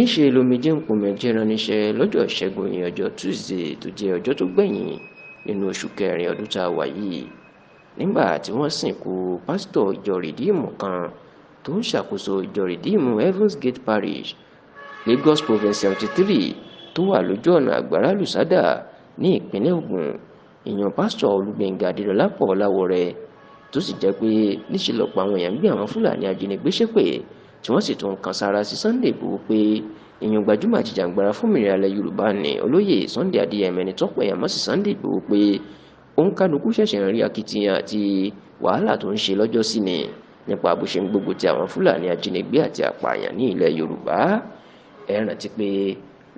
níṣẹ́ lomijé ń pò méje ránníṣẹ́ lọ́jọ́ ìṣẹ́gun ní ọjọ́ tuesday tó jẹ́ ọjọ́ tó gbẹ̀yìn nínú oṣù kẹrin ọdún tá a wà yìí nígbà tí wọ́n sìnkú pásítọ̀ ìjọ rìdíìmù kan tó ń ṣàkóso ìjọ rìdíìmù heavens gate parish lagos province seventy three tó wà lójú ọ̀nà àgbàrá lùsádà ní ìpínlẹ̀ ògùn èèyàn pásítọ̀ olùgbẹ̀ngà adédọ̀lápọ̀ ọ̀làwọ̀rẹ́ tó sì jẹ́ pé níṣẹ́ lọ́pọ̀ àwọn èèyàn gbé àwọn fúlàní ajínigbé tí wọ́n sì tún kan sára sí Sunday Igboho pé èèyàn gbajúmọ̀ àti jàǹgbara fún mìíràn alẹ́ Yorùbá ni olóyè Sunday Adéyẹmọ ẹni tọ́pọ̀ èèyàn mọ̀ sí Sunday Igboho pé òun kálukú ṣẹ̀ṣẹ̀ ń rí akitiyan àti wàhálà tó ń ṣe lọ́jọ́ sí ni nípa bó ṣe ń gbógun ti àwọn Fúlàní ajínigbé àti apààyàn ní ilẹ̀ Yorùbá ẹ rántí pé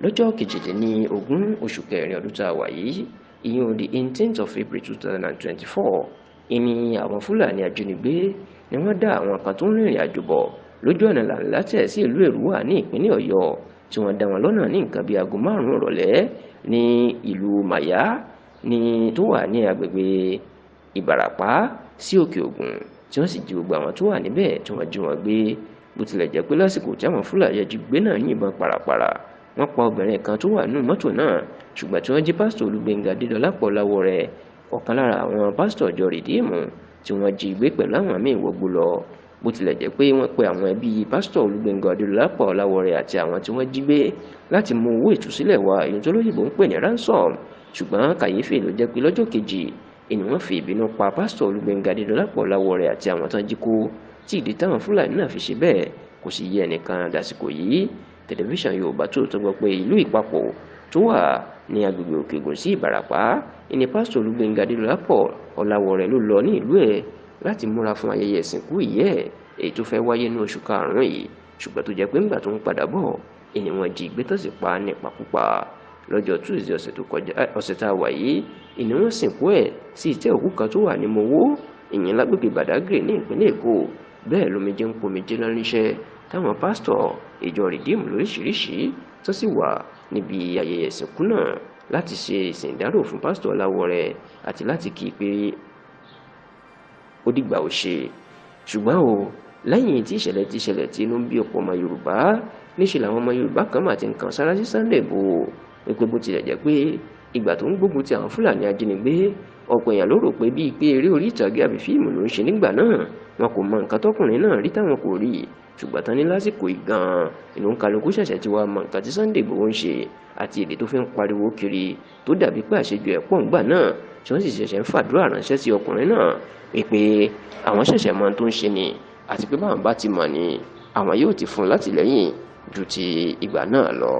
lọ́jọ́ kejìléní ogún oṣù kẹrin ọdún tá a wà yìí ìyẹn the eighteenth of April two thousand and twenty-four ìní àwọn Fúlàní ajínigbé ni wọ́n dá àwọn kan tó ń rìnrìn àjò bọ̀ lójú ọ̀nà làlátẹ̀ sí ìlú èrúwà ní ìpínlẹ̀ ọ̀yọ́ tí wọ́n dá wọn lọ́nà ní nǹkan bíi aago márùn-ún ìrọ̀lẹ́ ní ìlú màyá ní tó wà ní agbègbè ìbàràpá sí òkè ògùn tí wọ́n sì jí gbogbo àwọn tó wà níbẹ̀ tí wọ́n jí wọn gbé bó tilẹ̀ jẹ́ pé lásìkò tí àwọn fúlàní ajínigbé náà yìnbọn pàràpàrà wọ́n pa obìnrin kan tó wà nínú mọ́tò náà ṣùgbọ́n tí wọ́n jí pásítọ̀ olúgbẹ̀ngà adédọ́lá pọ̀ láwọ̀ rẹ̀ ọ̀kan lára àwọn pásítọ̀ ọjọ́ rìdíìmù tí wọ́n jí gbé pẹ̀lú àwọn míì wọgbó lọ bó tilẹ̀ jẹ́ pé wọ́n pe àwọn ẹbí pásítọ̀ Olúgbénga Adédọlápọ̀ Ọláwọrẹ̀ àti àwọn tí wọ́n jí gbé láti mú owó ìtúsílẹ̀ wá èyí tó lóyìnbó ń pè ní ransom ṣùgbọ́n kàyéfì ló jẹ́ pé lọ́jọ́ kejì ni wọ́n fi ìbínú pa pásítọ̀ Olúgbénga Adédọlápọ̀ Ọláwọrẹ̀ àti àwọn tán jí kó tí ìdí táwọn Fúlàní náà fi ṣe bẹ́ẹ̀ kò sì yé ẹnìkan dàsìkò yìí tẹlifíṣàn Yorùbá tó tó gbọ́ pé ìlú Ìpapọ̀ tó wà ní agbègbè Òkègùn sí Ìbàràpá ìní pásítọ̀ Olúgbénga Adédọlápọ̀ Ọláwọrẹ̀ ló lọ ní ìlú ẹ̀ láti múra fún ayẹyẹ ìsìnkú ìyẹ́ ẹ̀ èyí tó fẹ́ wáyé ní oṣù karùn-ún yìí ṣùgbọ́n tó jẹ́ pé ńgbà tó ń padà bọ̀ ìní wọn jí ìgbé tó sì pa á nípakúpa lọ́jọ́ túsìdì ọ̀sẹ̀ tó kọjá ọ̀sẹ̀ tá a wà yìí ìní wọn sìnkú ẹ̀ sí ìtẹ́ òkú kan tó wà ní mowó ìyìn lágbègbè Badagry ní ìpínlẹ̀ Èkó bẹ́ẹ̀ lomijé ń pomijé lọ́níṣẹ́ táwọn pásítọ̀ ìjọ rìdíìmù lóríṣiríṣi tó sì wà níbi ayẹyẹ ìsìnkú náà láti ṣe ìsìn ìdárò fún pásítọ̀ Ọláwọrẹ àti láti kí i pé ó dìgbà ó ṣe ṣùgbọ́n o lẹ́yìn tí ìṣẹ̀lẹ̀ ti ṣẹlẹ̀ tí inú ń bí ọ̀pọ̀ ọmọ yorùbá níṣẹ́ làwọn ọmọ yorùbá kan mà ti ń kan sára sí Sunday Igboho wípé bó tilẹ̀ jẹ́ pé ìgbà tó ń gbógun ti àwọn fúlàní ajínigbé ọ̀pọ̀ èèyàn ló rò pé bíi pé eré orí ìtàgé àbí fíìmù ló ń ṣe nígbà náà wọn kò mọ nǹkan tọkùnrin náà rí táwọn kò rí ṣùgbọ́n tán ní lásìkò ìgan ìlú ń kálukú ṣẹ̀ṣẹ̀ ti wá mọ nǹkan tí Sunday Igboho ń ṣe àti èdè tó fi ń pariwo kiri tó dàbí pé àṣejù ẹ̀ pọ̀ ńgbà náà tí wọ́n sì ṣẹ̀ṣẹ̀ ń fàdúrà ránṣẹ́ sí ọkùnrin náà pé àwọn ṣẹ̀ṣẹ̀ mọ tó ń ṣe ni àti pé báwọn bá ti mọ̀ ni àwọn yóò ti fún un látìlẹ́yìn ju ti ìgbà náà lọ.